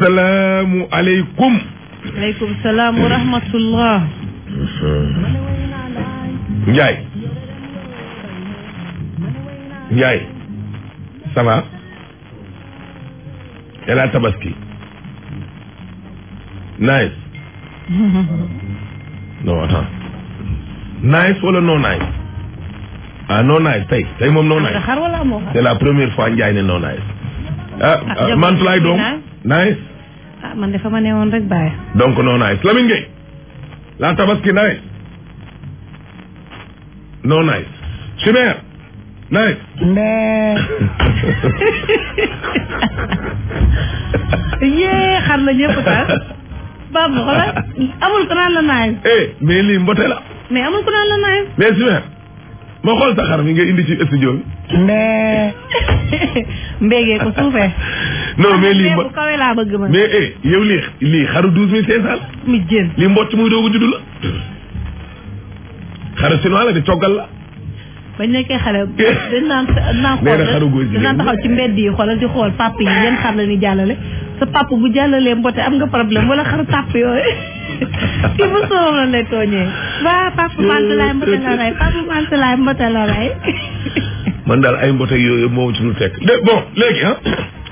asalaamu aleykum. aleykum salaam wa rahmatullah. Ndiaye. Ndiaye. ça va. yàlla tabaski. nice. non attends. nice wala non nice. ah nice tey tey moom non nice. c'est la première fois Ndiaye ne non nice. ah, ah, ah Mantoulaye doom nice. ah man de fa ma ne woon rek bàyyi. donc non nice Lamine Gueye la tabaski nice non nice Chimère nice. mais. yee xam na ñëpp taal. Babou xoolal amul ku naan la nice. eh mais lii mbote la. mais amul ku naan la nice. mais ma xool sa xar mi nga indi ci studio bi. mais mbéegee ko suufee. non mais lii bu kawe laa bëgg ma. mais eh yow lii lii xaru douze mille cinq cent. mi jën lii mbocc muy doogu juddu la. xaru chinois la di toggal la. bañ nekkee xale dañ naan naan xool dañ naan taxaw ci mbedd yi xoolal di xool papa yi yan xar la ñuy jàllale sa papa bu jàllalee mbote am nga problème wala xaru tàpp yooyu. Tipu sohong le tonye. Waa Papa Mante laay mbote la rey Papa Mante laay mbote la rey. man daal ay mbote yooyu moo ci dul teg. de bon léegi ah.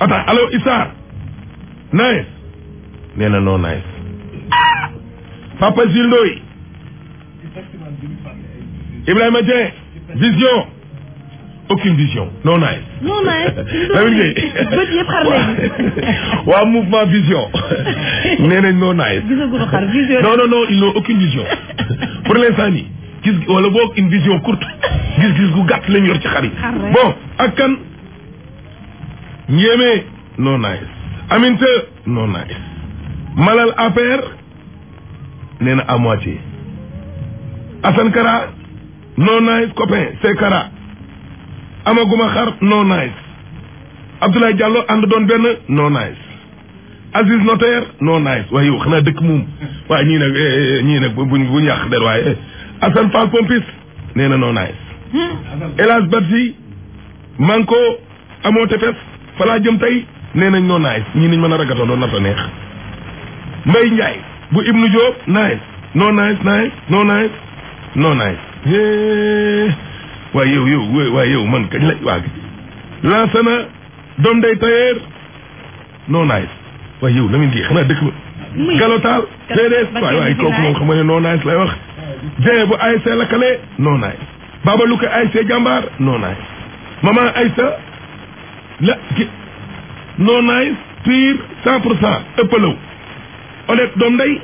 attends allo Issa. nice. nee na non nice. Papa Zil Ndoye. Ibrahima Dieng. vision. aucune vision non nice. non nice. Lamine Gueye dire yëpp xar lañu. mouvement vision nee non nice. non non non ils n'ont aucune vision pour l'instant amis, ont wala une vision courte Ils ont une vision courte. yor ci bon ak kan non nice. Aminte, non nice. Malal à nee à moitié Asankara, Kara non nice copain c'est Kara. amaguma xar no nice Abdoulaye Diallo ànd doon benn no nice Aziz Notaire no nice waaye yow dëkk moom waaye ñii nag eh, eh, eh, ñii nag buñ buñ yàq der waaye Assane Fall Pompis nee na no nice hmm. El Hadj Badji Manko amoo tefes falaa jëm tey nee nañ no nice ñii nañ mën a ragatoo doon nata neex Mbaye bu Ibnu Diop nice no nice nice no nice no nice waaye yow yow waaye yow man kañ la waa lancé day tailleur non nice waaye yow Lamine Gueye xanaa dëkk ba. galotaal déedéet waaye waaye kooku moom xam nga ne nice lay wax. Dieng bu ASC lakkale non nice. Baba Luka ASC jàmbaar non nice. maman Aïssa la ki non nice pire cent pour cent ëppalaw honnête doom day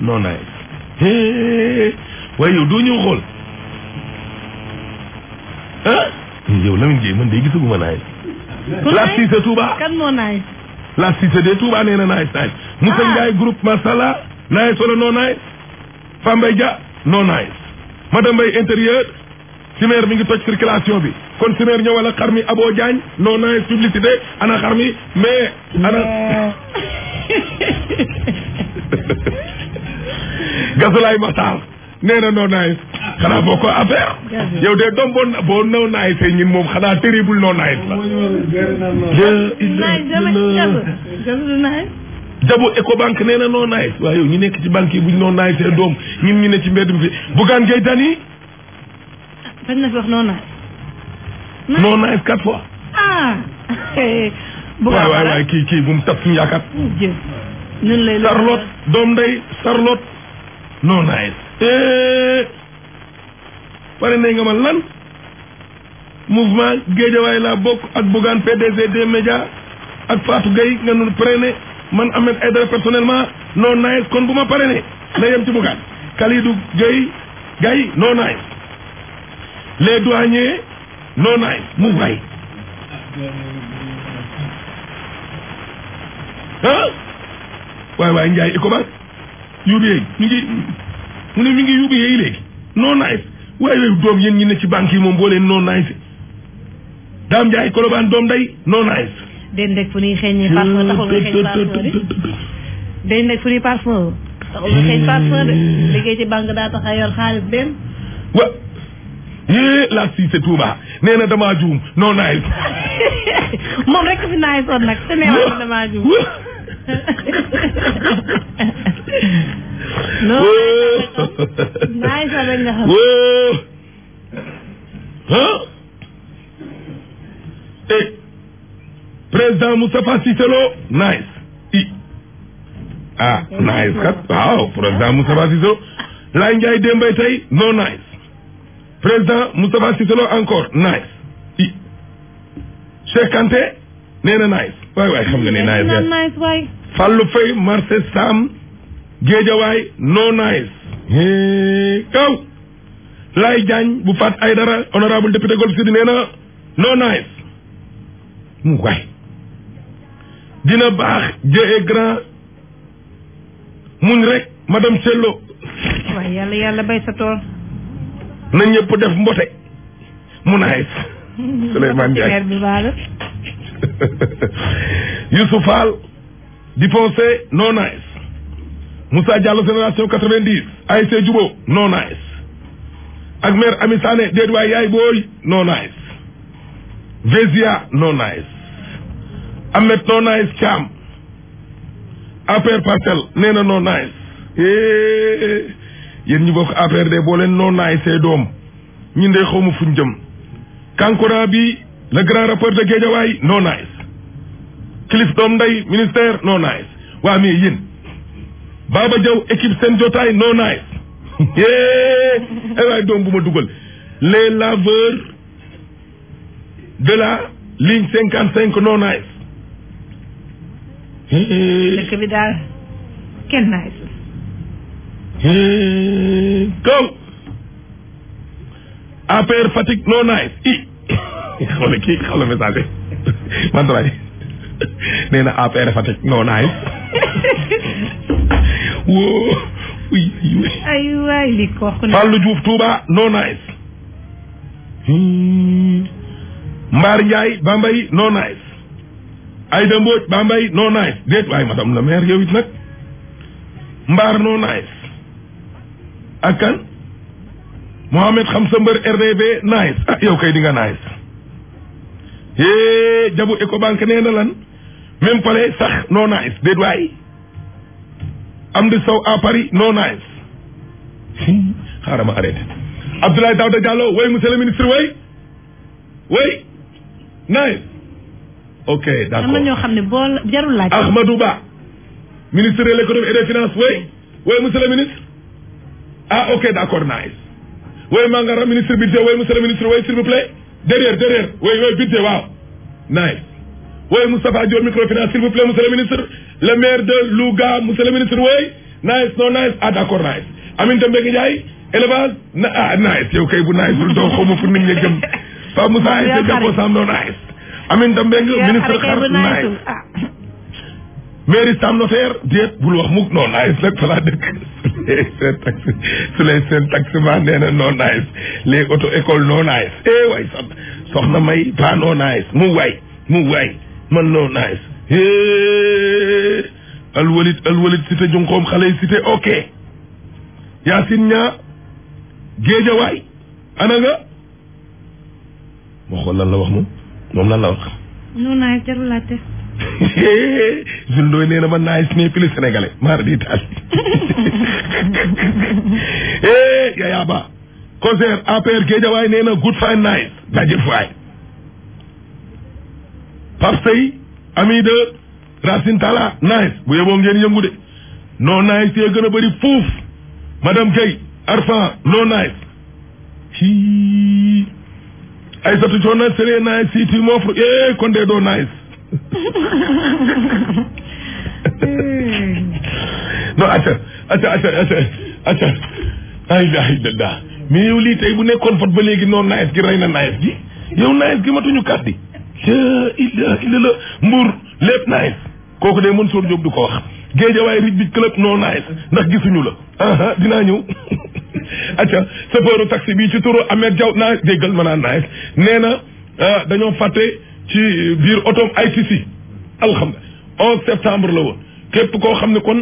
non nice. waaye yow doo ñëw xool. yow Lamine Gueye mën de gisaguma naaj. la Cissé Touba kan moo naaj. la Cissé de Touba nee na naaj naaj. Ah. Moussa Ndiaye groupe Masala naaj wala non naaj. Fambaye Dia non naaj. madame Mbaye intérieur. simeer mi ngi toj circulation bi kon simeer ñëwal ak xar mi Abo Diagne non naaj publicité ana xar mi mais. ana Gasulaay Matar nee na non xanaa boo ko affaire yow de doom boo boo noo naay see ñun moom xalaa terrible noo naay la. jabu Ecobank nee na noo naay waaw yow ñu nekk ci banque yi buñ noo naay see doom ñun ñu ne ci mbedd mi fi Bougane Gueye Dany. ah na fi wax noo naay. noo naay quatre fois. ah. Bougane waay waay kii kii bu mu tas suñu yaakaar. pare ne nga ma lan mouvement géejawaay laa bokk ak Bougane PDG des médias ak Fatou Gueye nga nu prene man Ahmed Aidara personnellement non nice kon bu pare ne na yem ci Bougane Kalidou Gueye Gaye nice les douaniers non nice mu waay ah waay waay Ndiaye Ecobank yubi yéegi ñu ngi mu ne mi ngi yubi yéegi léegi non nice waaye yooyu doom yéen ñi ne ci banque yi moom boo leen non nice daam njaay kolobaan doom day non nice den rek fu ñuy xeeñee parfum taxul nga xeeñ parfum de den rek fu ñuy parfum taxul nga xeeñ parfum de liggéey ci banque daa tax a yor xaalis benn wa yée la Cissé Touba nee na damaa juum non nice moom rek fi nice woon nag te nee na damaa juum non maa ngi soog a nga xam. ah. eh président Moustapha Cissé nice. i nice kat waaw président Moustapha Cissé Lo Laye Ndiaye Demba tey non nice. président Moustapha Cissé Lo nice. i Cheikh Kanté na nice waay waay xam nga ne nice. Fallou Faye marché Sam Géejawaay no nice kaw Laye Diagne bu faat ay dara honorable député Golf Sud nee na no nice mu waay dina baax jëe grand muñ rek madame Sello na ñëpp def mbote mu nice Souleymane Diagne Youssou Fall Difoncé no nice Moussa Diallo génération 90 ASC Jubo no nice ak maire Ami Sané déet waay yaay booy no nice Vésia no nice Ahmed no nice Thiam APR Parcelles nee na ñu bokk APR de boo leen no nice see doom ñun xawma fuñ jëm Kankura bi le grand rappeur de Guédiawaye no kilif doom nday ministère non nice waa mais yéen Baba Diaw équipe seen jotaay non nice é waay doom bu ma dugal les de la ligne cinquante cinq non nice dëkk bi daal kenn nice nice i xoola kii xoola message man nee na APR Fatick non naay woo ay waay li ko wax Fallou Diouf Touba non nice hmm. Mbaar Ndiaye Bambey non nice Aïda Mbodj Bambey non nice déet waaye madame la maire yow nag Mbaar non nice ak kan Mohamed xam sa mbër RDB nice ah yow kay di nice hee jabu Ecobank nee lan même fële sax no nice déet am di sow à Paris no nice xaaral ma arrêté Abdoulaye Daouda Diallo way monsieur le ministre way nice ok d'accord am na ñoo xam ne boo jarul laaj Ahmadou Ba ministre de l'économie ah, nice way Mangara ministre budget way monsieur le ministre way s'il vous plaît derrière derrière way way nice wooy Moustapha Diop microfinance s'il l plaît monsieur ministre le maire de Louga monsieur le ministre wooy nice non nice ah d'accord nice Aminata Mbengue Ndiaye élevage na ah, nice yow kay bu nice ul doo xawma fu nit ñi jëm Pape Moussa Aïssa Diapo Samb no nice Aminata Mbengue ministre xar nice mairie Sam Notaire déet bul wax mukk non nice nag falaa dëkk seen taxi su lay seen taxi ma nee na nice les auto école non nice eh waay soxna may pa non nice mu waay mu waay man no nice hee alwalit alwalit cité junqoom xale yi cité ok yaasin ñaa géejawaay ana nga ma xool lan wax moom moom lan la wax no nice jarul la test Zuldoy nee na ma nice mais plus sénégalais maar di taal hee Yaya Ba concert APR géejawaay nee good fine nice dajëf waay Pastey ami de Racine Talla naes bu yeboo ngeen yëngu de non naes yee gën a bari fuuf madame Guèye Arfan non naes i Aïssatou Dione sere naes si tu m'offres eh kon de doo naes hmm. non acca acca acca ay ilaha illallah mais yow lii bu nekkoon fat ba léegi noonu naes gi rey na gi yow naes gi matuñu kàddi laa ilaaha illallaah lépp naaj kooku mën soo Diop du ko wax géejawaay rij bi club noo naaj ndax gisuñu la aha dinaa ñëw acca sëfëru taxi bi ci turu Ahmed Diaw naa déggal ma naa naaj nee na ah, dañoo fàtte ci biir otom ITC alhamdulilah 11 septembre la woon képp koo xam ne kon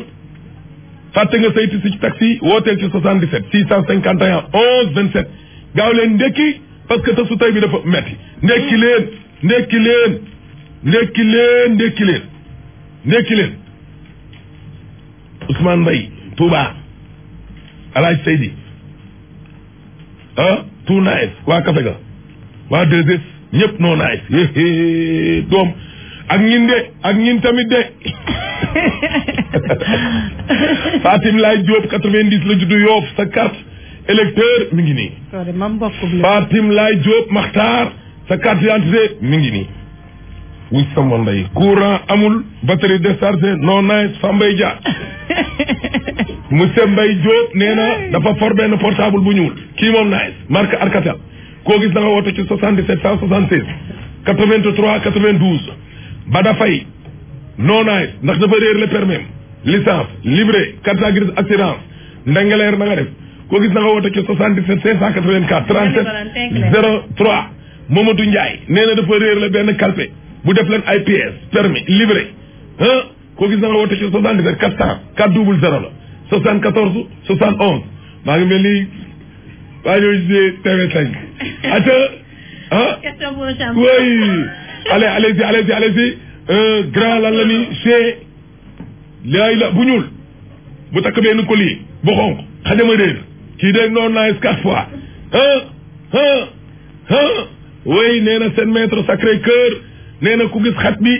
fàtte nga sayti si ci taxi wooteel ci 77 651 11 27 gaaw leen ndekki parce que te su tey bi dafa metti ndekki leen ndekki leen ndekki leen ndekki leen ndekki leen Ousmane Mbaye Touba Alaaji Seydi ah tout naes waa kafe ga waa deses ñëpp noo naes doom ak ñin de ak ñin tamit de Fatim Laay Diop quatre-vingt-dix la juddu sa carte électeur mi ngi nii Fatim Laay Diop Maxtaar sa carte d'identité mi ngi nii wuy sama ndey courant amul batterie déchargée non nice fa mbay dia monsieur Mbaye Diop nee na dafa for benn portable bu ñuul kii moom nice marque Arcatel koo gis da nga woote ci 77 176 83 92 ba Faye non nice ndax dafa réer le permis licence libre carte grise assurance ndengaleer na nga def koo gis da nga woote ci 77 584 37 03 Mamadou Ndiaye nee na dafa réer la benn calpe bu def leen ay pièces permis livré ah koo gis na nga woote ci 77 400 4 double 0 la 74 71 maa ngi mel ni waa ñoo gisee TV5 ata ah oui allez allez-y allez-y allez-y grand lan la ni chez laay la bu ñuul bu takk benn collier bu xonq xajama réer kii de noonu naa quatre fois ah ah way nee na seen maître sacré cœur nee na ku gis xat bi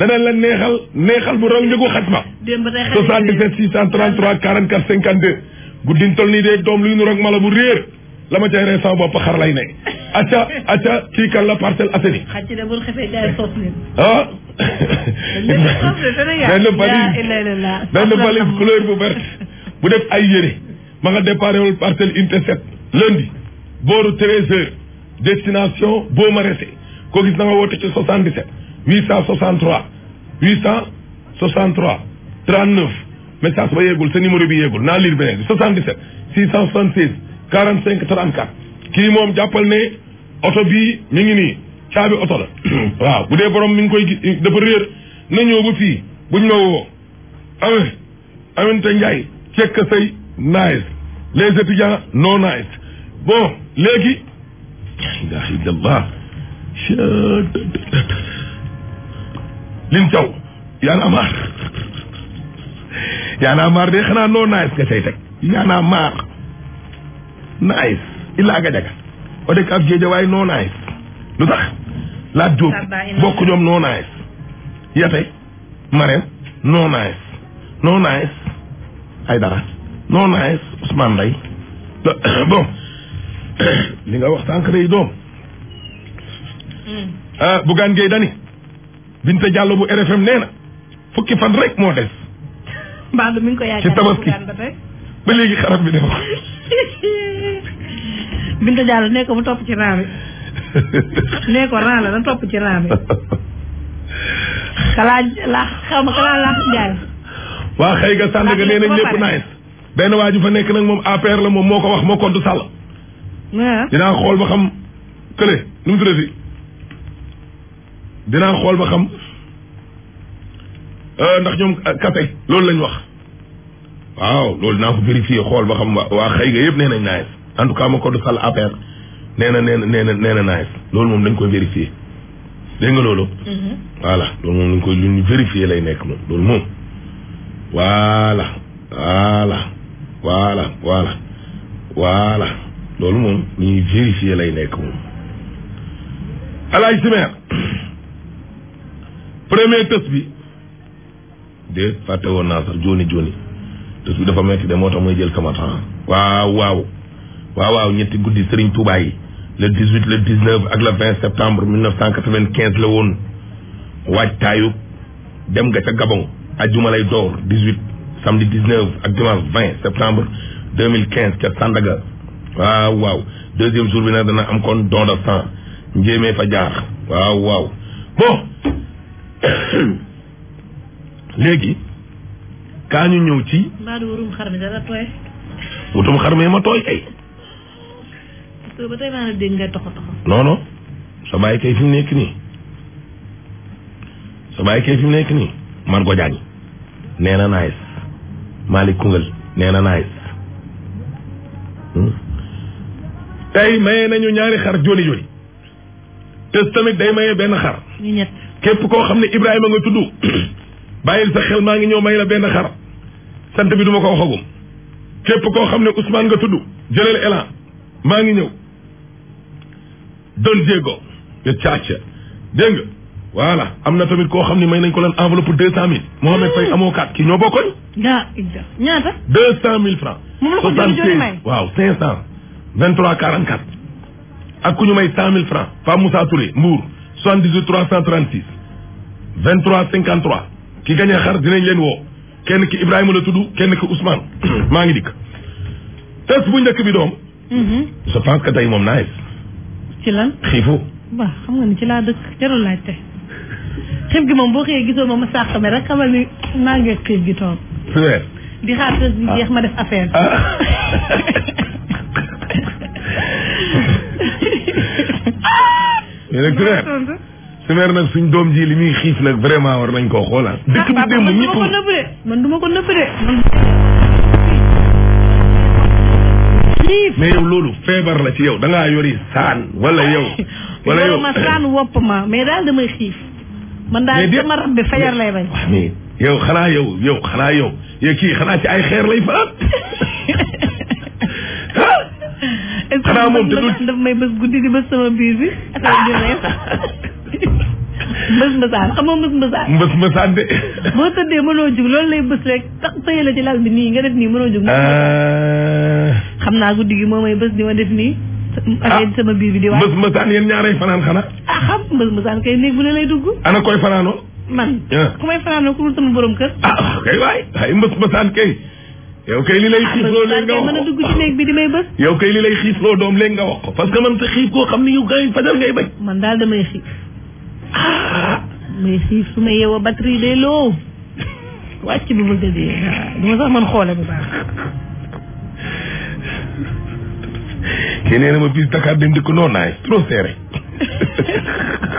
dana la neexal neexal bu raw njëgu xat ma 77 633 44 52 guddin tol nii de doom luy nu rog mala bu réer la ma cay ree sama bopp xar lay ne acca acca kii kan la Parcelles Assainies ah dañ la valise couleur bu verte bu def ay yére ma nga déparé wul Parcelles unité 7 lundi booru heures destination boo ma resee koo gis na nga woote ci 77 863 863 39 message ba yeegul sa numéro bi yeegul naa lire beneen bi 77 676 45 34 kii moom jàppal ne oto bii mu ngi nii caabi oto la waaw bu dee borom mi ngi koy gis dafa réer na ñëw ba fii buñ ma woo ame aminte Ndiaye cekk say nice les étudiants non nice bon léegi ilaha illallah Lim Thiaw Y'en a marre Y'en a marre de xanaa noo nice nga say teg Y'en nice illaa ga jaga o dëkk ab géej nice lu tax laaj Diop bokk ñoom nice yate Marème noo nice noo nice ay dara noo nice Ousmane Mbaye li nga wax sànq day doom hmm. ah Bougane Gueye Dany Binta Diallo bu RFM nee fukki fan rek moo des. Mbadou mi ngi ko yaakaar ci tabaski ba léegi xarab bi def ko. Binta Diallo nee ko mu topp ci raami nee ko na topp ci raami. xalaat la xaw ma xalaat laa jaay. waa xëy nga sànni nga nee nañ lépp naaj. benn waa ju fa nekk nag moom APR la moom moo ko wax moo kontu Sall. dinaa xool ba xam kële nu mu dinaa xool ba xam euh, ndax ñoom euh, café loolu lañu wax waaw loolu dinaa ko vérifier xool ba xam waa xëy ga yëpp nee nañ naes en tout cas ma ko du sal APR nee na nee na nee na nee na naes loolu moom dañ koy vérifier dégg nga loolu mhm. voilà loolu moom lañ koy lu ñu vérifier lay nekk loolu moom voilà voilà voilà voilà voilà loolu moom lu ñuy vérifier lay nekk moom alaaj simeer premier tës bi de fàtte woon naa sax jooni jooni tës bi dafa metti de moo tax mooy jël kamata waaw waaw waaw waaw ñetti guddi Serigne Touba yi le 18 le 19 ak le 20 septembre 1995 la woon waajtaayu dem nga ca Gabon ajjuma lay door 18 samedi 19 ak dimanche 20 mille quinze ca Sandaga waaw waaw deuxième jour bi nag dana am kon don de sang njéemee fa jaar waaw waaw bon léegi kaa ñu ñëw ci. Mbadou wutum xar mi ma tooy kay. parce que ba kay fi nekk nii sa baay kay fi nekk nii Margot Diagne na nice Malick Koungheul nee na nice. tey maye nañu ñaari xar joni joni te tamit day maye benn xar. képp koo xam ne Ibrahima nga tudd bàyyil sa xel ngi ñëw may la benn xar sant bi duma ko waxagum képp ko xam ne Ousmane nga tudd jëlal elan maa ngi ñëw doon jéego nga caaca dégg nga am na tamit koo xam ne may nañ ko leen enveloppe deux cent mille Mohamed Faye amoo kaat kii ñoo bokkoon ñaata deux cent mille francs soixante-quinze cent 23 44 ak ku ñu may 100000 francs Pape Moussa Touré Mbour 78 336 23 53 ki gagné xar dinañ leen woo kenn ki Ibrahima la tudd kenn ki Ousmane maa ngi dikk test bu njëkk bi doom. Mhm. je pense que tey moom naa ci lan xiifu. waaw xam nga ni ci laa dëkk jarul laajte xiif gi moom boo xëyee gisoo ma ma sàq mi rek xamal ni maa ngi xiif gi toog. di xaar test bi ah. jeex ma def affaire. mais nag sumeer sumeer nag suñ doom ji li muy xiif nag vraiment war nañ koo xoolal. Ah, dëkk bi démb ñëpp man du ma ko nëbb de man mais yow loolu feebar la ci yow danga ngaa yori saan wala yow. wala yow ma saan wopp ma mais daal damay xiif. man daal sama rab bi fajar lay bañ. Ah, mais yow xanaa yow yow xanaa yow yow kii xanaa ci ay xeer lay faral. Ah! xanaa moom te du daf may bës guddi di bës sama biir bi. mbës mbësaan xam nga mbës mbësaan mbës mbësaan de boo tëddee mënoo jug loolu lay bës rek tax tëye la ci lal bi nii nga def nii mënoo jug euh. xam naa guddi gi moo may bës di ma def nii affaire ah. sama biir bi di waay mbës mbësaan yéen ñaaray fanaan xanaa ah xam mbës mbësaan kay néeg bu ne lay dugg ana koy fanaanoo man ah. ku may fanaanoo ku dul sama borom kër ah kay waay waay mbës mbësaan kay yow kay li lay xiifloo léegi nga wax ko mën a dugg ci néeg bi di may bës yow kay li lay xiifloo doom léegi nga wax ko parce que man sa xiif koo xam ni yow kay fajal ngay bañ man daal damay xiif may xiif su ma yeewoo batterie day loo wàcc bi bëgg a dee ah, du ma sax man xoole bu baax kii nee na ma bis Dakar dem di ko noonu naay trop serré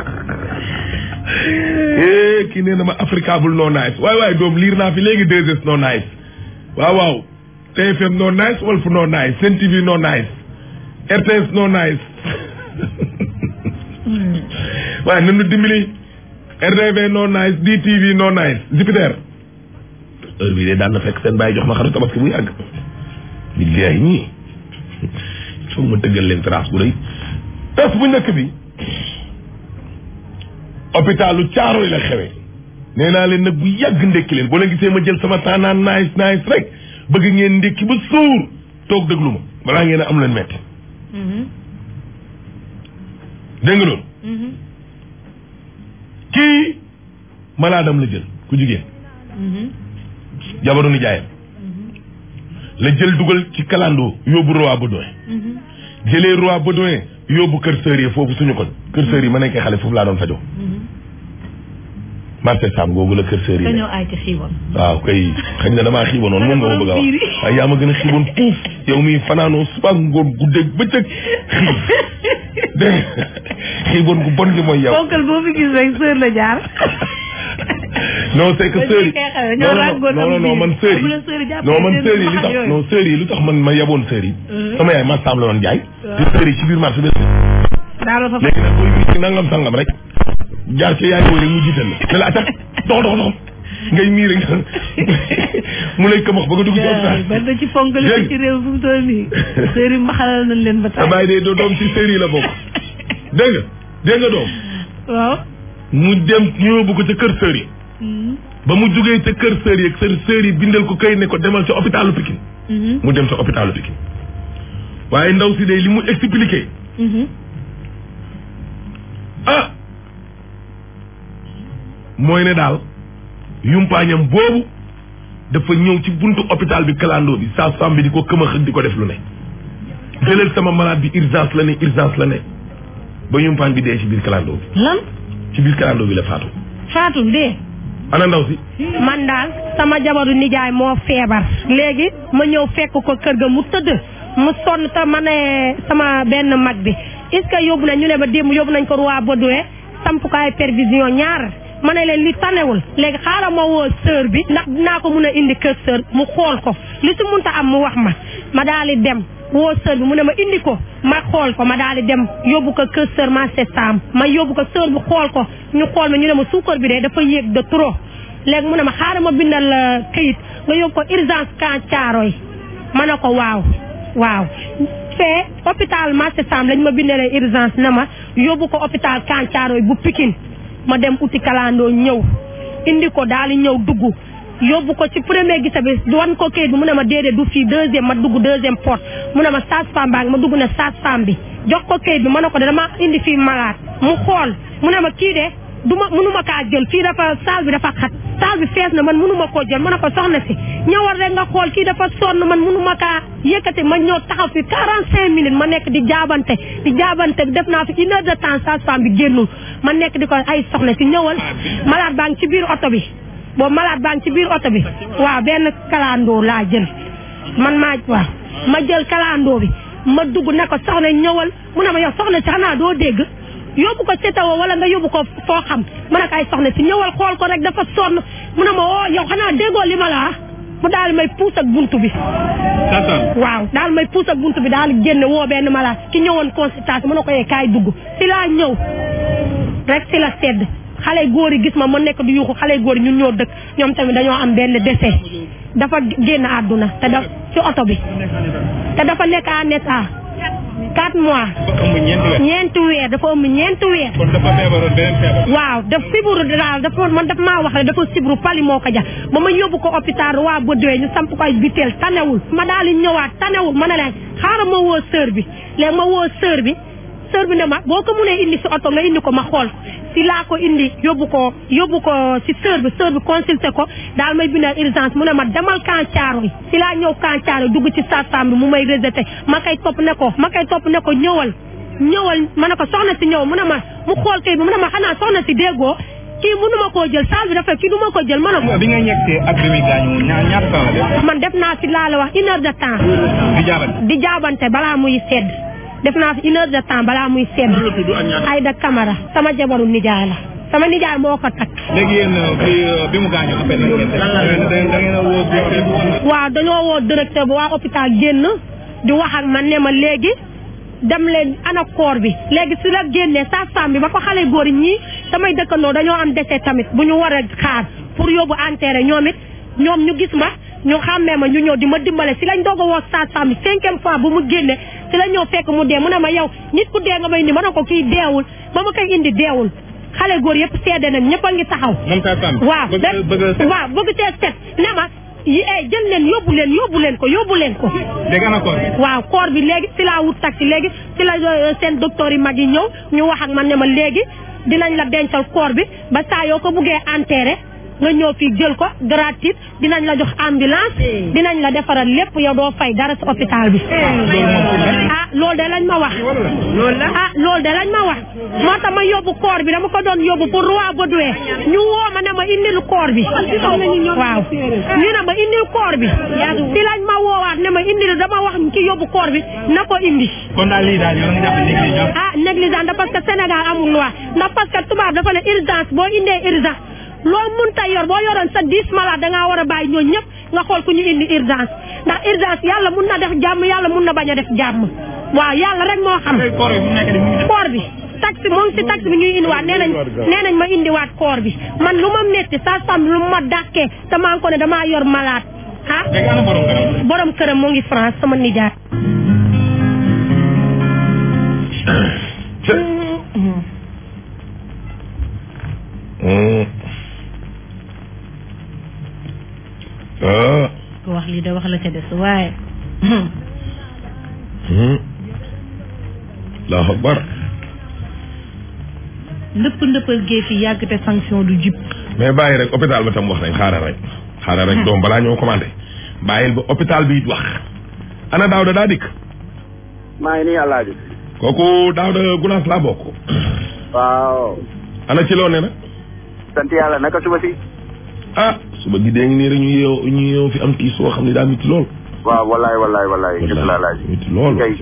eh, kii nee na ma Africa bul noonu naay waay waay doom liir naa fi léegi deux heures noonu naay waaw waaw TFM no nice Walf no nice Sen TV no nice RTS no nice hmm. waaye nanu dimbali RTV no nice DTV no nice Jupiter heure bii de daan na fekk seen bàyyi jox ma xaru tabaski bu yàgg billahi ñii foog ma tëggal leen trace bu rëy tas bu njëkk bi hôpitalu Caaroy la xewe nee naa leen nag bu yàgg ndekki leen boo leen gisee ma jël sama temps naan nice nice rek bëgg ngeen ndekki ba suur toog déglu ma balaa ngeen am leen metti mm-hmm. dégg nga loolu mm-hmm. kii malaadam la jël ku jigéen mm-hmm. jabaru ni jaayam la jël dugal ci kalandoo yóbbu roi Baudouin jëlee roi Baudouin yóbbu kër sër yi foofu suñu kon kër sër yi ma nekkee xale foofu laa doon fajoo marché saam googu la kër sër yi dañoo aay ci xiiboon waaw kay xëy na damaa xiiboon moom nga ma bëgg a wax waaye yaa ma gën a xiiboon tuuf yow mi fanaanoo suba ngoon guddeeg bëccëg xiib dégg xiiboon gu bon gi mooy yow bokkal boo fi gis rek sër la jaar non c'est que sër yi non non man sër yi non man sër yi li tax non sër yi lu tax man ma yaboon sër yi euh. sama yaay ma saam la doon jaay di euh. sër yi ci biir marché bi daal fa léegi nag nangam sangam rek jaar ci yaay booy rek mu jiital la ne la attaque dox ngay miir nga dugg ci hôpital. ba nga ci fonk la ci réew mi fu mu toll nii. séeri nañ leen ba taay. damay de doo doom ci séeri la bokk dégg nga dégg nga doom. waaw. mu dem ñu ko ca yi. Hmm. ba mu jugee ca kër sër yi yi bindal ko kay ne ko demal ca hôpitalu Pikine. Hmm. mu dem ca hôpitalu Pikine. waaye ndaw si de li expliqué. Hmm. ah mooy ne daal yumpaañam boobu dafa ñëw ci buntu hôpital bi kalandoo bi saa sam bi di ko këmax di ko def lu ne jëlal sama malade bi urgence la ne urgence la ne ba yumpaañ bi dee ci biir kalandoo bi lan ci biir kalandoo bi la faatu faatu dee ana ndaw si man daal sama jabaru nijaay moo feebar léegi ma ñëw fekk ko kër ga mu tëdd mu sonn te ma ne sama benn mag bi est ce que yóbbu nañ ñu ne ba démb yóbbu nañ ko roi Baudouin samp ko ay pervision ñaar ma ne leen li tanewul léegi xaaral ma woo sœur bi ndax dinaa ko mun a indi kër sœur mu xool ko li si ta am mu wax ma ma daal di dem woo sœur mu ne ma indi ko ma xool ko ma daal di dem yóbbu ko kër sœur Mancestam ma yóbbu ko sœur bi xool ko ñu xool ma ñu ne ma suukar bi de dafa yéeg de trop léegi mu ne ma xaaral ma bindal euh, kayit nga yóbbu ko urgence kan caaro yi ma ne ko waaw fee hôpital marché Sam lañ ma bindele urgence na ma yóbbu ko hôpital Kancaroy bu Pikine ma dem uti kalandoo ñëw indi ko daal di ñëw dugg yóbbu ko ci premier gisa bi wan ko kayit bi mu ne ma déedéet du fii deuxième ma dugg deuxième porte mu ne ma sage-femme baa ngi ma dugg na sage-femme bi jox ko kayit bi ma ne ko de dama indi fii malaat mu xool mu ne ma kii de du ma mënuma kaa jël fii dafa saal bi dafa xat saal bi fees na man mënuma koo jël ma ne ko soxna si ñawal rek nga xool kii dafa na man ma mënuma kaa yëkkati ma ñëw taxaw fi 45 minutes ma nekk di jaabante di jaabante def naa fi une heure de temps sage-femme bi génnul ma nekk di ko ay soxna si ñëwal malade baa ngi ci biir oto bi boobu malade baa ngi ci biir oto bi waa benn kalandoo laa jël man maa waaw ma jël kalandoo bi ma dugg ne ko soxna ñëwal mu ne ma ya soxna si xanaa doo dégg yóbbu ko CETAO wala nga yóbbu ko foo xam man ak ay soxna si ñëwal xool ko rek dafa sonn mu ne ma oo yow xanaa déggoo li ma laa ah? mu daal may puus ak bunt bi. waaw daal may puus ak bunt bi daal génne woo benn malade ki ñëwoon consultation mu ne ko yee kaay dugg si laa ñëw rek si la sedd xale góor yi gis ma ma nekk du yuuxu xale góor yi ñun ñoo dëkk ñoom tamit dañoo am benn décès dafa génn àdduna te daf si oto bi te dafa nekk en état quatre mois. ñeenti weer dafa ëmb ñeenti weer. kon dafa feebaroon beneen feebar. waaw daf siburu daal dafa man daf maa wax dafa siburu pali moo ko jax ba ma yóbbu ko hôpital waa Bodoy ñu samp koy biteel tanewul ma daal di ñëwaat tanewul ma ne leen xaaral ma woo sœur bi léegi ma woo sœur bi. docteur bi ne ma boo ko mënee indi si oto nga indi ko ma xool si laa ko indi yóbbu ko yóbbu ko si sœur bi sœur bi consulté ko daal may bindal urgence mu ne ma demal kancaaro yi si laa ñëw kancaaro yi dugg ci sasam mu may rejeté ma koy topp ne ko ma koy topp ne ko ñëwal ñëwal ma ne ko soxna si ñëw mu ne ma mu xool kay bi mu ne ma xanaa soxna si déggoo kii mënuma koo jël saal bi dafa kii du ma ko jël ma ne ko. bi ngay ñegsee ak bi muy man def naa si laa la wax une heure de temps. di jaabante di jaabante balaa muy def naa fi une heure de temps balaa muy sedd Aïda Camara sama jabaru nijaay la sama nijaay moo ko takk. léegi yéen euh, euh, bi mu waaw dañoo woo directeur bi waa hôpital génn di wax ak man ne ma léegi dem leen ana koor bi. léegi si la génnee sage-femme bi ba ko xale góor ñii samay dëkkandoo dañoo am décès tamit bu ñu war a xaar pour yóbbu enterré ñoom it ñoom ñu gis ma. ñu xàmmee ma ñu ñëw di ma dimbale si lañ doog a woo sage-femme bi cinquième fois bu mu génne si la ñëw fekk mu dee mu ne ma yow nit ku dee nga may indi ma ne ko kii deewul ba ma koy indi deewul xale góor yëpp seede nañ ñëpp a ngi taxaw. waaw waaw bëgg see set ne ma yi eh, jël leen yóbbu leen yóbbu leen ko yóbbu leen ko. dégg na koor waaw koor bi léegi si laa wut taxi léegi si la euh, seen docteur yi mag yi ñëw ñu wax ak man ne ma léegi dinañ la dencal koor bi ba saa yoo ko buggee enterrer nga ñëw fii jël ko gratuit dinañ la jox ambulance eh. dinañ la defaral lépp yow doo fay dara si hôpital bi eh. ah loolu de lañ ma wax ah loolu de lañ ma wax moo tax ma yóbbu koor bi dama ko doon yóbbu pour roi Baudouin ñu woo ma ne ma indil koor bi waaw ah. ñu ne ma indil koor bi si lañ ma woowaat ne ma indil dama wax ki yóbbu koor bi na ko indi ah négligence da parce que Sénégal amul loi ndax parce que tubaab dafa ne urgence boo indee urgence loo munta yor boo yoroon sa dix malade dangaa war a bàyyi ñooñu ñëpp nga xool ku ñu indi urgence ndax urgence yàlla mun na def jàmm yàlla mun na bañ a def jàmm waaw yàlla rek moo xam koor bi taxi moom si taxi bi ñuy indiwaat nee nañ nee nañ ma indiwaat koor bi man lu ma métti sa sam lu ma dàkkee te maa ko ne damaa yor malade ah borom këram mu ngi France sama nijaay Ah. ko wax lii de wax la ca des waaye. Hmm. allahu akbar. ndëpp ndëppal gée fi yàgg te sanction du jub. mais bàyyi rek hôpital ba tam wax nañ xaaral rek. Hmm. doom balaa ñoo commandé. bàyyil ba hôpital bi it wax. ana Daouda daa dikk. maa ngi nii Alaaji. kooku Daouda Gunaas laa bokk. waaw. ana ci loo ne na. sant yàlla naka suba si. ah. ma gi dégg nii rek ñu yeewoo ñu yeewoo fi am tiis soo xam ne daa métti lool. waaw wallaay wallaay wallaay. wallaay métti lool kay.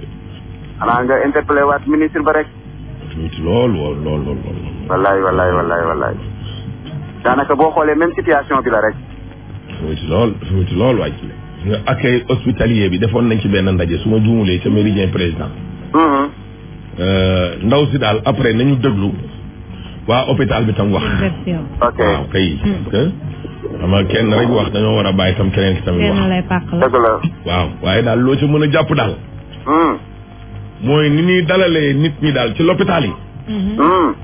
xanaa nga interpellé waat ministre ba rek. métti lool lool lool wallaay wallaay wallaay daanaka boo xoolee même situation bi la rek. métti lool métti lool waay. nga accueil hospitalier bi defoon nañ ci benn ndaje su ma juumulee ca méridien président. Mm-hmm. Euh, ndaw si daal après nañu déglu waa hôpital bi tam wax. waaw kay. Hmm. xam nga kenn rek wax dañoo war a bàyyi tam keneen ki tamit. wax lay pàq la dëgg la. waaw waaye daal loo ci mën a jàpp daal. Hmm. mooy ni ñuy dalalee nit ñi daal ci l'hôpital yi. Mhm. Hmm.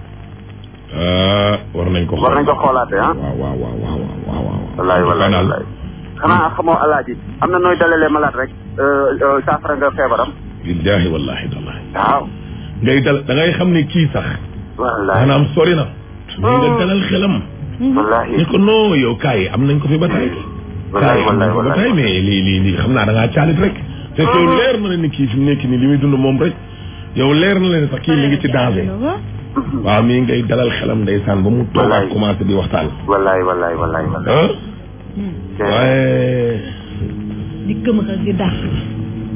Euh, war nañ ko. war nañ ko xoolaate ah. waaw waaw waaw waaw waaw waaw. wallaay wallaay wallaay. xanaa hmm. xamoo alaaji am na nooy dalalee malade rek. Euh, euh, saafara nga feebaram. billaahi wallaahi tallaahi. waaw. ngay dal da ngay xam ne kii sax. wallaay maanaam sori na. ñu nga dalal xelam. Mhm. wallaahi ne ko non yow kaay am nañ ko fi ba tey. wallaahi wallaahi ko ba tey mais lii lii lii xam naa da ngaa rek. fekk mhm. yow leer na la ni kii fi nekk nii li muy dund moom rek yow leer na la sax kii mi ngi ci danger. Mhm. waaw mii ngay dalal xelam ndeysaan ba mu di waxtaan. wallaahi wallaahi wallaahi wallaahi. waaye.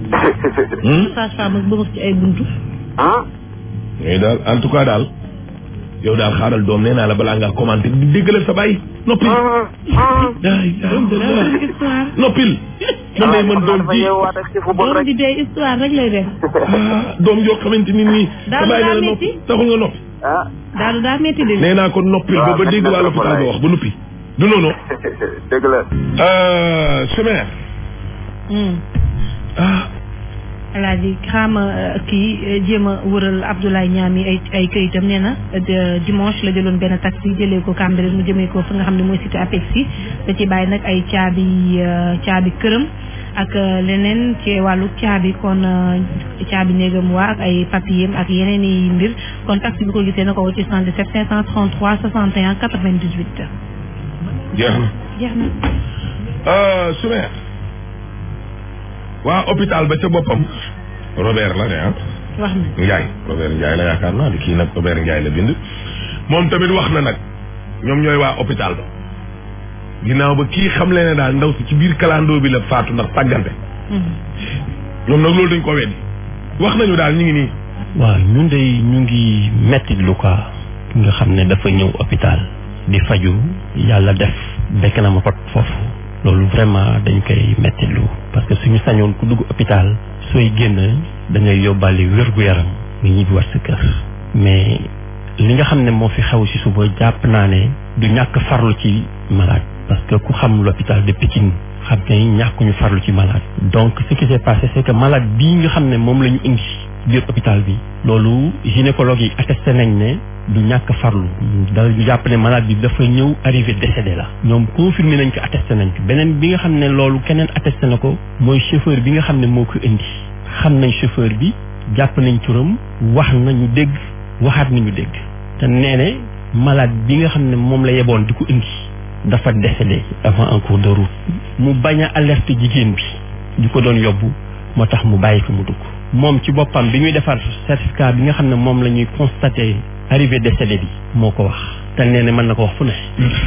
Hmm? Ah? daal en tout cas daal. yow daal xaaral doom nee naa la balaa ngaa commenté di déggalal sa baay noppil. Ah, ah, ah. noppil. man day mën doom ji doom ji day histoire doom joo xamante ni nii. sa baay nee na nga noppi. daal daa métti de. nee naa noppil ba ba dégg waa lopitaan ba wax ba noppi. du noonu. dëgg la. ah. Alazi, kama eki, eh, eh, jeme Worel Abdullay Nyami e ke ite mnena, jimons eh, le de lon be na taksi, jeme eko kambere, jeme eko feng, hamde mwen sito apeksi, le te bayanak ay chabi krem, ak lenen ke walouk chabi kon chabi nege mwa, ak ay papye m, ak yenen e yinbir, kon taksi li kou gite nan kou chesan de 7, 533, 61, 92, 8. Diyan. Diyan. E, Soumet. waa hôpital ba ca boppam Robert la de ah. wax na Ndiaye Robert Ndiaye la yaakaar naa di kii nag Robert Ndiaye la bind. moom tamit wax na nag ñoom ñooy waa hôpital ba. ginnaaw ba kii xam leen ne daal ndaw si ci biir kalandoo bi la faatu ndax tàggante. Mhm. ñoom nag loolu dañ ko weddi. wax nañu daal ñu ngi nii. waaw ñun de ñu ngi metti lu ko nga xam ne dafa ñëw hôpital. di faju yàlla def bekk na ma ko foofu. loolu vraiment dañu koy mettitlu parce que suñu sañoon ku dugg hôpital sooy génn dangay ngay yóbbaale wér-gu-yaram nga ñibbi war sa kër mais li nga xam ne moo fi xew ci suba jàpp naa ne du ñàkk farlu ci malade parce que ku xam l'hôpital de Pikine xam ne ñàkkuñu farlu ci malade donc ce qui s'est passé c'est que malade bii nga xam ne moom la ñu indi biir hôpital bi loolu gynécologue yi attesté nañ ne du ñàkk farlu dal ñu jàpp ne malade bi dafa ñëw arrivé décédé la ñoom confirmé nañ ko attesté nañ ko beneen bi nga xam ne loolu keneen attesté na ko mooy chauffeur bi nga xam ne moo koy indi xam nañ chauffeur bi jàpp nañ turam wax nañu dégg waxaat nañu dégg te nee ne malade bi nga xam ne moom la yeboon di ko indi dafa décédé avant en cours de route mu bañ a alerte jigéen bi di ko doon yóbbu moo tax mu bàyyi ko mu dugg moom ci boppam bi ñuy defar certificat bi nga xam ne moom la ñuy constaté arrivé décédé bi moo ko wax te nee na mën na ko wax fu ne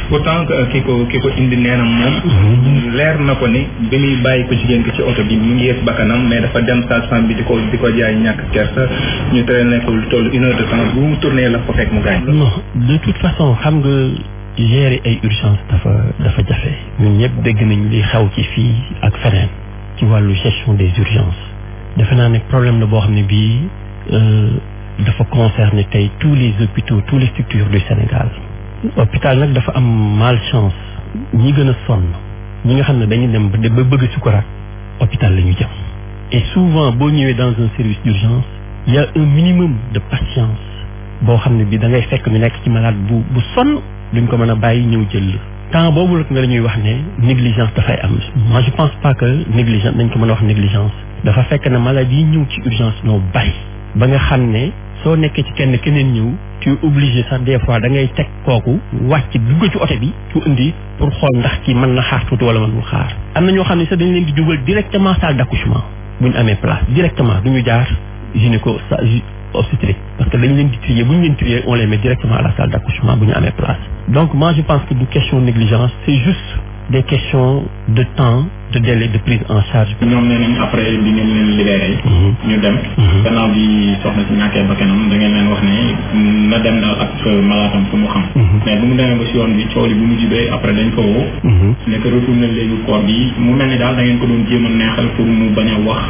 pourtant euh, ki ko ki ko indi nee na moom leer na ko ni bi muy bàyyi ko jigéen ki ci oto bi mu ngi yëg bakkanam mais dafa dem station bi di ko di ko jaay ñàkk kersa ñu tere ne lu toll une heure de temps bu mu tourné la ko fekk mu gaañ non de toute façon xam nga gérer ay urgence dafa dafa jafe ñun ñëpp dégg nañ li xew ci fii ak feneen ci wàllu gestion des urgences defe naa ne problème la boo xam ne bii euh, dafa concerner tey tous les hôpitaux tous les structures du Sénégal. hôpital nag dafa am malchance ñi gën a sonn ñi nga xam ne dañu dem ba bëgg sukuraat hôpital la ñu jëm. et souvent boo ñëwee dans un service d'urgence il y a un minimum de patience boo xam ne bi da ngay fekk ñu nekk ci malade bu bu sonn duñ ko mën a bàyyi ñëw jël temps boobu la nga dañuy wax ne négligence dafay am moi je pense pas que négligence dañ ko mën a wax négligence dafa fekk na maladies yi ñëw ci urgence ñoo bari ba nga ne ci kenn tu obligé des fois da ngay indi pour ndax na xaar salle d'accouchement bu ñu place directement du jaar gynéco obstétrique parce que dañu leen di leen on les met directement à la salle d'accouchement place donc moi je pense que du question négligence c'est juste des questions de temps te délai de prise en charge bi. ñoom nee après bi ngeen leen libéré. Mhm. ñu dem. Mhm. gannaaw bi soxna si ñàkkee bakkanam da ngeen leen wax ne na dem daal ak euh, malaatam fu mu xam. Mhm. mais bu mu demee ba si yoon bi coow li bu mu jibee après dañ ko woo. nekk retour na léegi koor bi mu mel ni daal da ngeen ko doon jéem a neexal pour mu bañ a wax.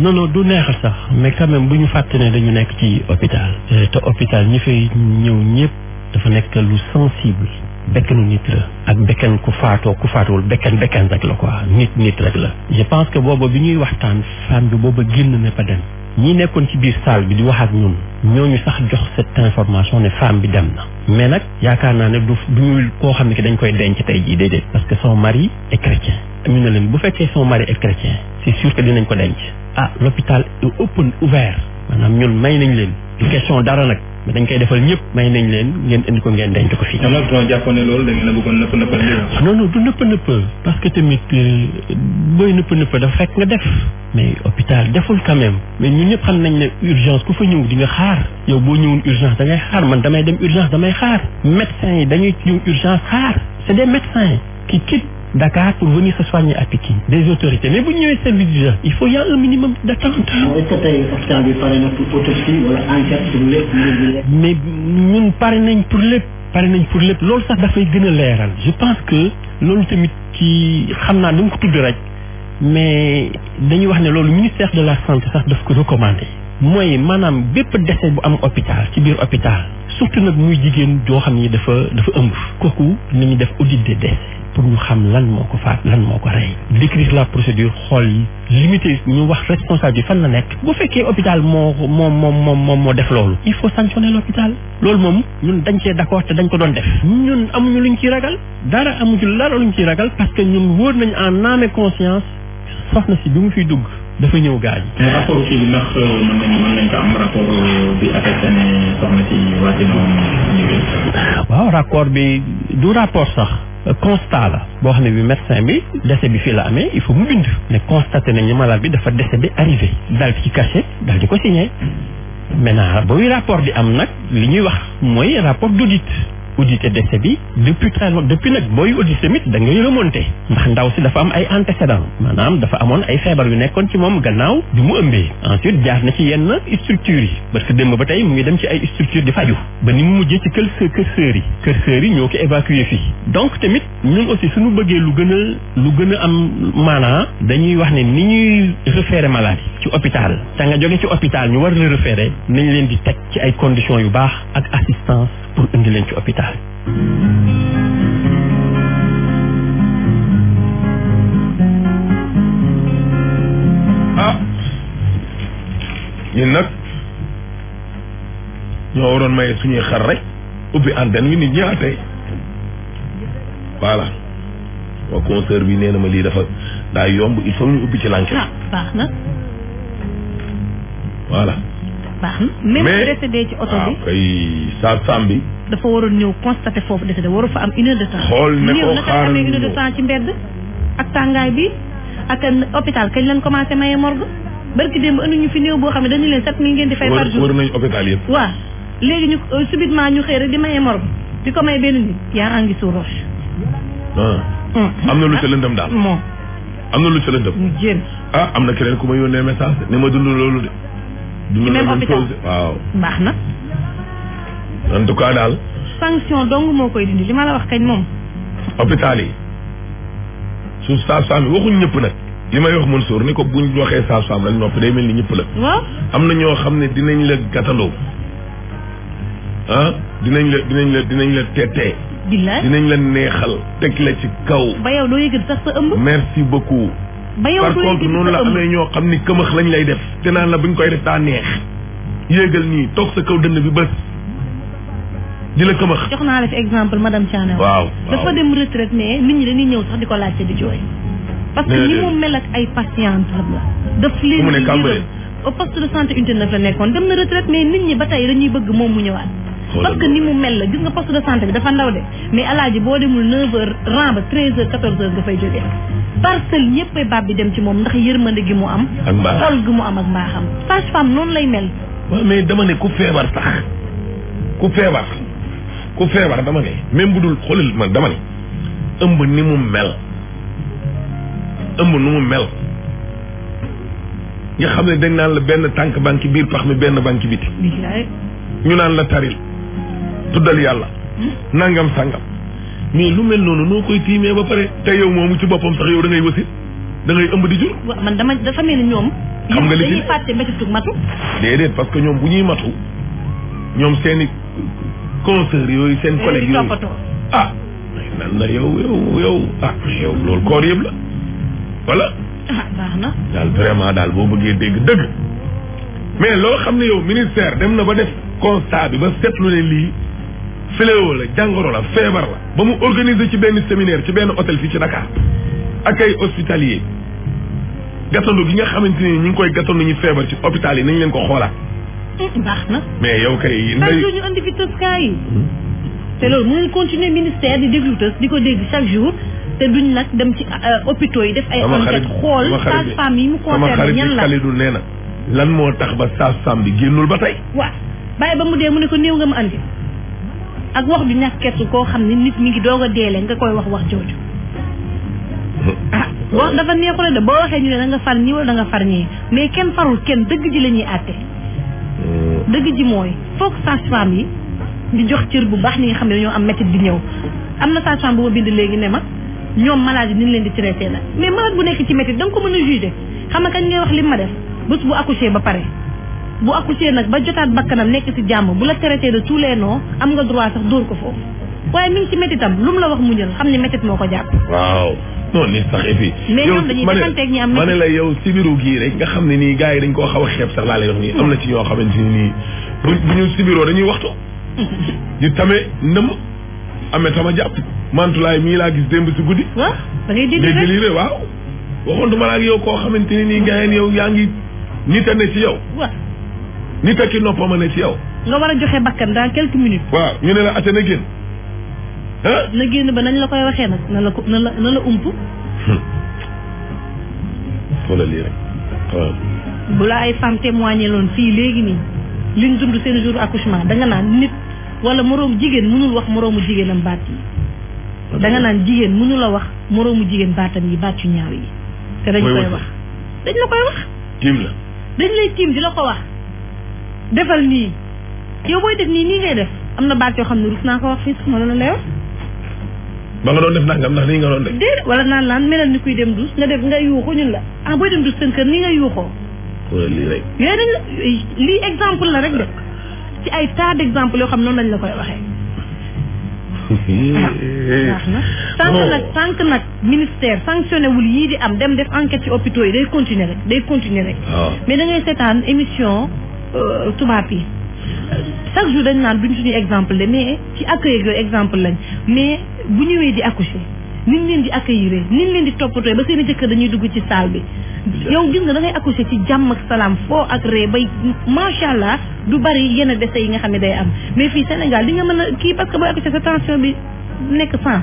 non du neexal sax mais quand bu ñu fàtte ne dañu nekk ci hôpital. Euh, te hôpital ñi fay ñëw ñëpp dafa nekk lu sensible. bekkanu nit la ak bekkan ku faatoo ku faatuwul bekkan bekkan rek la quoi nit nit rek la je pense que booba bi ñuy waxtaan femme bi booba génn na dem ñi nekkoon ci biir salle bi di wax ak ñun ñooñu sax jox cette information ne femme bi dem na mais nag yaakaar naa ne du duñu koo xam ne que dañ koy denc tey jii déedéet parce que soo mari est chrétien ñu ne leen bu fekkee soo mari est chrétien c'est sûr que dinañ ko denc ah l'hôpital est open ouvert maanaam ñun may nañ leen du question dara nag mais dañ koy defal ñëpp may nañ leen ngeen indi ko ngeen denc ko fii. alors que jàppoon ne loolu da ngeen a bëggoon nëpp nëppal ah, non non du nëpp nëpp parce que tamit euh, booy nëpp nëpp dafa fekk nga def mais hôpital deful quand même mais ñun ñëpp xam nañ ne urgence ku fa ñëw di nga xaar yow boo ñëwul urgence da ngay xaar man damay dem urgence damay xaar médecins yi dañuy ñëw urgence xaar c'est des médecins kii quittent Dakar pour venir se soigner à Pékin, des autorités. Mais vous n'avez service déjà. Il faut y avoir un minimum d'attente. Mais nous parrainons pour les parrainons pour les lol sax dafay gën a leeral je pense que lol tamit ci xam naa da nga ko tudd rek mais dañuy wax ministère de la santé sax doit ko recommandé mooy maanaam bépp décès bu am hôpital ci biir hôpital surtout nag muy jigéen de xam de dafa dafa ëmb kooku nañu def audit des décès pour ñu xam lan moo ko faat lan moo ko rey décrire la procédure xool yi limiter ñu wax responsable yi fan la nekk bu fekkee hôpital moo moom moom moom moo def loolu il faut sanctionner l'hôpital loolu moom ñun dañ cee d'accord te dañ ko doon def ñun amuñu luñ ciy ragal dara amuñu dara luñ ciy ragal parce que ñun wóor nañu en âme et conscience soxna si bi mu fiy dugg dafa ñëw gaañ mais rapport kii bi ndax bi affecté ne waaw rapport bi du rapport sax constat la boo xam ne bi médecin bi décès bi fii la amee il faut mu bind ne constaté nañ ne malade bi dafa décès bi arrivé daal di ci cachet daal di ko signé maintenant ba muy rapport di am nag li ñuy wax mooy rapport d'audit audité décès bi depuis très longtemps depuis nag booy audité tamit da ngay remonté ndax ndaw si dafa am ay antécédents maanaam dafa amoon ay feebar yu nekkoon ci moom gannaaw bi mu ëmbee ensuite jaar na ci yenn structures yi parce que démb ba tey mu ngi dem ci ay structures di faju ba ni mu mujjee ci kër kër sœurs yi kër sœurs yi ñoo ko évacué fii donc tamit ñun aussi suñu bëggee lu gën a lu gën a am maanaa dañuy wax ne ni ñuy référé malade ci hôpital te nga jóge ci hôpital ñu war la nañ leen di teg ci ay conditions yu baax ak assistance pour indi ci hôpital ah ñun nag ñoo waroon maye suñuy xar rek ubbi antenn wi nit ñi tey voilà concert bi nee na ma lii dafa daa yomb il faut ñu ubbi ci lànk ah, baax na voilà baax na. même bu décédé ci oto bi kay sa sam bi. dafa waroon ñëw constaté foofu décédé waru fa am une heure de temps. xool ne ko xaaral ñu une heure de temps ci mbedd. ak tàngaay bi ak hôpital kañ lañ commencé maye morgue barki fi néew boo xam ne dañu leen sept mille ngeen di fay par jour war nañu hôpital yëpp. waaw léegi ñu euh, subitement ñu di maye morgue di ko may benn nit yaa angi sous roche. Ah. am na lu ca lëndëm daal. Ah, am na lu ca lëndëm. ah am na keneen ku ma yónnee message ne ma dund loolu de. ci même hôpital waaw baax na. en tout cas daal. sanction dong moo koy dindi li ma la wax kañ moom. hôpital yi su saaf-saaf yi waxuñ ñëpp nag. li may wax Mansour ni ko buñ waxee saaf-saaf rek noppi day mel ni ñëpp la. waaw am na ñoo xam ne dinañ la gàttandoo. ah dinañ la dinañ la dinañ la teetee. dinañ la neexal. teg la ci kaw. ba loo doo yëgati sax sa ëmb. merci beaucoup. ba yow par contre noonu la amee ñoo xam ni këmax lañ lay def te naan la ñu koy def daa neex yéegal nii toog sa kaw dënn bi bës di la këmax jox naa la fi exemple madame Thiané waaw dafa dem retraite mais nit ñi dañuy ñëw sax di ko laajte di jooy parce que ni mu mel ak ay patiente la daf leen au poste de santé unité 9 la nekkoon dem na retraite nit ñi ba tey dañuy bëgg moom mu ñëwaat parce que ni mu mel la gis nga poste de santé bi dafa ndaw de mais alaaji boo demul 9 heures rang ba 13 heures 14 heures nga fay jógee parcelle ñëppay bab bi dem ci moom ndax yërmande gi mu am xol gi mu am ak xam sage femme noonu lay mel waaw mais dama ne ku feebar sax ku feebar ku feebar dama ne même dul xoolal man dama ne ëmb ni mu mel ëmb nu mu mel nga xam ne dañ naan la benn tànk banque biir pax mi benn banque biti ñu naan la taril tuddal yàlla nangam sangam mais lu mel noonu noo koy tiimee ba pare te yow moomu ci boppam sax yow da ngay wasit da ngay ëmb di jur man dama dafa mel ni ñoom xam nga li dañuy fàtte métitug que ñoom bu ñuy matu ñoom seeni i yooyu seen collègues yooyu ah nan la yow yow yow ah yow loolu koor yëpp la voilà ah, na daal vraiment daal boo bëggee dégg dëgg mais loo xam ne yow ministère dem na ba def constat bi ba seetlu ne lii fléau la jàngoro la feebar la ba mu organiser ci benn séminaire ci benn hôtel fii ci Dakar ak ay hospitalier gàttandu gi nga xamante ni ñu ngi koy gàttandu ñu feebar ci hôpital yi nañ leen ko xoolaat. Eh, baax na. mais yow kay. ndey ñu andi fi tëskaa yi. te loolu mën nañu continuer ministère di déglu tës di ko dégg chaque jour te duñ nag dem ci euh, hôpitaux yi def ay. enquête xool sage-femme yi mu concerne ñan la xalidu nee na. lan moo tax ba sage-femme bi génnul ba tey. waaw bàyyi ba mu dee mu ne ko néew nga ma andi. ak wax ju ñàkk kersu koo xam ne nit mi ngi doog a deele nga koy wax wax jooju. ah wax dafa neexule de boo waxee ñu ne da nga far ñii wala da far ñii mais kenn farul kenn dëgg ji la ñuy àtte. Hmm. dëgg ji mooy foog sage-femme yi di jox cër bu baax ñi nga xam ne dañoo am métit di ñëw am na sage-femme bu ma bind léegi ne ma ñoom malade yi ni leen di traité la mais malade bu nekk ci métit da nga ko mën a jugé xam nga kañ ngay wax li ma def bés bu accouché ba pare. bu accouché nag ba jotaat bakkanam nekk ci jàmm bu la traité de tous les noms am nga droit sax dóor ko foofu waaye mi ngi ci métitam lu mu la wax muñal xam ne métit moo ko jàpp waaw non ni sax et puis mais ñoom dañuy ak ñi am ma ne la yow si biiru gii rek nga xam ne nii gars yi dañ koo xaw a xeeb sax laa lay wax nii am na ci ñoo xamante ni nii bu ñu si biiroo dañuy waxtu ñu tame ndëm amé tama jàpp mantulaay mii laa gis démb si guddi waaw da ngay dégg rek waaw waxoon du ma la ak yow koo xamante ni nii gars yi yow yaa ngi nit ne ci yow li tekki noppam a ne ci yow. nga war a joxe bakkan dans quelques minutes. waaw ñu ne la ate na génn. ah na génn ba nañ la koy waxee nag na la ko na la na la ump. Hmm. bu la ay femme témoigné loon fii léegi nii liñ dund seen jour accouchement danga naan nit wala moroom jigéen mënul wax moroomu jigéenam baat yi. danga naan jigéen mënul a wax moroomu jigéen baatam yi baat yu ñaaw yi. te dañ koy wax dañ la koy wax. tiim la. dañ lay tiim di la ko wax. defal nii yow booy def nii nii ngay def am na baat yoo xam ne rus naa ko wax fii sax ma la lay wax. ba nga doon def nangam ndax nii nga doon def. déedéet wala naan naan melal ni kuy dem dus nga def nga la ah booy dem dus seen kër nii nga yuuxoo. wala lii rek. yooyu dañ la lii exemple la rek de ci ay tas de exemple yoo xam noon lañ la koy waxee. baax na sànq nag sànq nag ministère sanctionné wul yii di am dem def enquête ci hôpitaux yi day continuer day continuer rek. Ah. mais da seetaan émission. Euh, tubaab yi chaque jour dañ naan ñu suñu exemple de mais ci accueil yooyu exemple lañ mais bu ñëwee di accoucher niñ leen di accueillir niñ leen di toppatoo ba seen i jëkkër dañuy dugg ci salle bi yow gis nga da ngay ci jàmm ak salaam foo ak ree bay macha allah du bari yenn dese yi nga xam ne day am mais fii Sénégal di nga mën a kii parce que booy accoucher sa tension bi nekk sans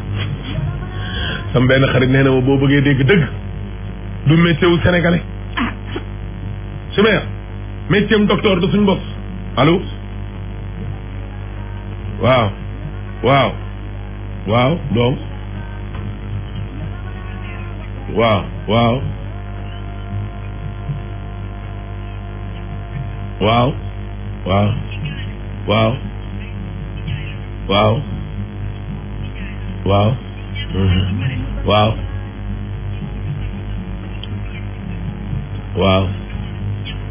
sam benn xarit nee na ma boo bëggee dégg dëgg du métier métier docteur du suñ bopp allo waaw waaw waaw donc waaw waaw waaw waaw waaw waaw waaw waaw waaw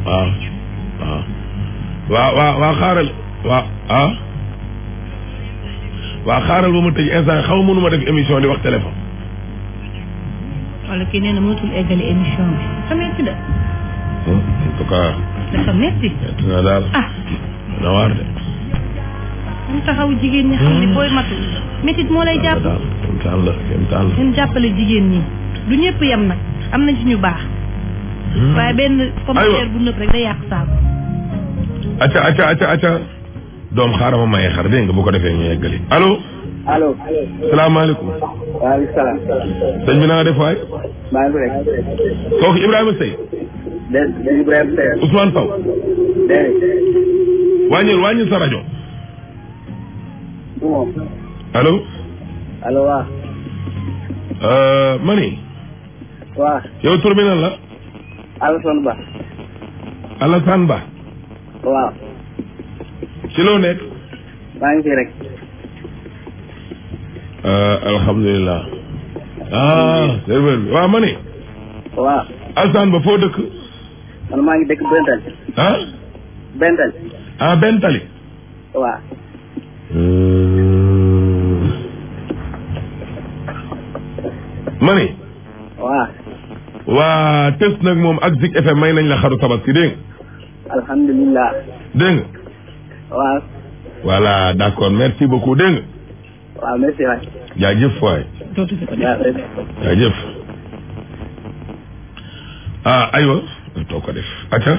waaw waaw ah. waaw waaw waaw xaaral waaw ah waaw xaaral ba ma tëj instant xaw mënu ma def émission di wax téléphone wala kii nee na mënatul eggale émission bi xamee ci de hmm, en tout cas dafa metti na daal ah na waar de mu taxaw jigéen ñi xam ni hmm. booy matu métit moo lay jàpp kéemtaan la kéemtaan la ñun jàppale jigéen ñi du ñëpp yem nag am na ci ñu baax hmm. waaye benn commentaire bu nëpp rek day yàq saako acca acca acca doom xaaral ma maye xar dégg nga bu ko defee ñu yeggali allo. allo. salaamaaleykum. waaleykum salaam. sëñ bi na nga def waay. maa ngi rek. kooku Ibrahima Seye. sa rajo. allo. Euh, mani. waaw. yow tur bi la. Alassane Ba. waaw. ci loo ngi fi rek. Euh, alhamdulilah. ah serveur bi waaw ba foo dëkk. man maa ngi dëkk Bentali. Ah? ah. Bentali. ah euh. Bentali. waa test nag moom ak Zik FM may nañ la xaru alhamdulilah. dégg nga. waaw. voilà d' accord merci beaucoup dégg nga. waaw merci waay. jaajëf waay. jaajëf. ah aywa. too ko def acca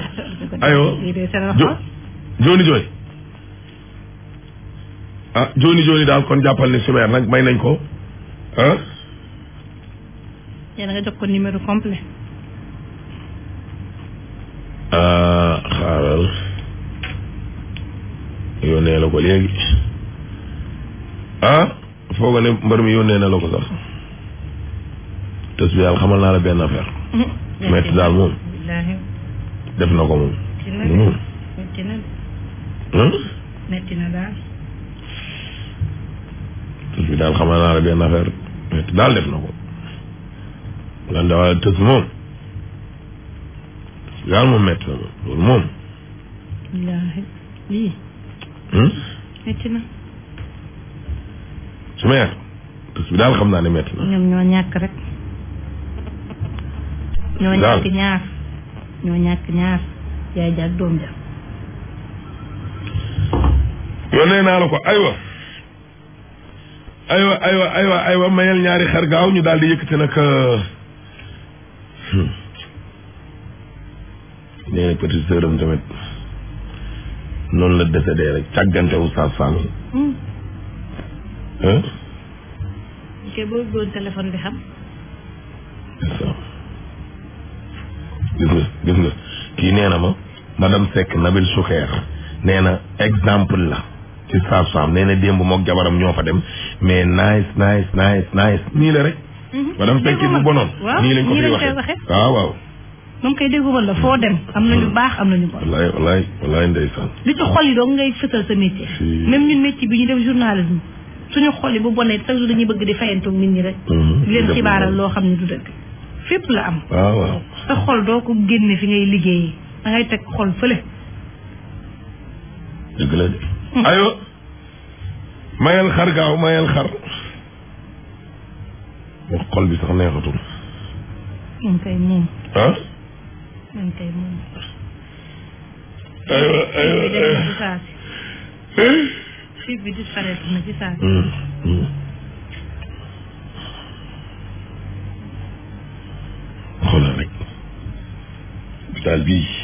ah, kon jàppal ni Subair nag may nañ ko ah. yéen a nga jox ko numéro Ah, xaaral yónnee la ko léegi ah fooga ne mbër mi yónnee na la ko sax tës bi daal xamal naa la benn affaire metti daal moom def na ko moom moom metti na hmm? bi daal xamal naa la benn affaire metti daal def na ko lan dawal moom daal moom métti loolu moom. lii. métti hmm? na. su bi daal xam naa ne métti na. ñoo ñàkk rek. ñoo ñàkk ñaar ñoo ñàkk ñaar yaay ja doom ja. yónnee naa la ko aywa. aywa aywa aywa aywa mayel ñaari xar gaaw ñu daal di yëkkati nag. Euh, hmm. nee na petite sœur am tamit noonu la décédé rek càggante oustaz Fall. Hmm. bi xam. gis nga gis nga kii nee na ma madame Seck Nabil Soukair nee na exemple la ci saaf-saaf nee démb mook jabaram ñoo fa dem mais nice nice nice nice nii la rek. Mhm. madame Seck bu bonoon. nii lañ ko fi waxee ah, waaw waaw. moom koy déggoo la foo dem am na ñu baax am nañu bon. li ci xol yi dong ngay fësal sa métier. même ñun métier bi ñu def journalisme suñu xol yi bu bonee chaque jour dañuy bëgg di fayantu nit ñi rek. Mm-hmm. di leen loo xam ne du dëgg. fépp la am. waaw ah, waaw sa xol doo ko génne fi ngay liggéeyee da ngay teg xol fële. dëgg la xar gaaw mayal xar. xol bi sax neexatul. moom kay moom. Ah? man kay moom. aywa aywa aywa ci saasi. fiib bi disparaître na ci saasi. xoolal rek daal bii.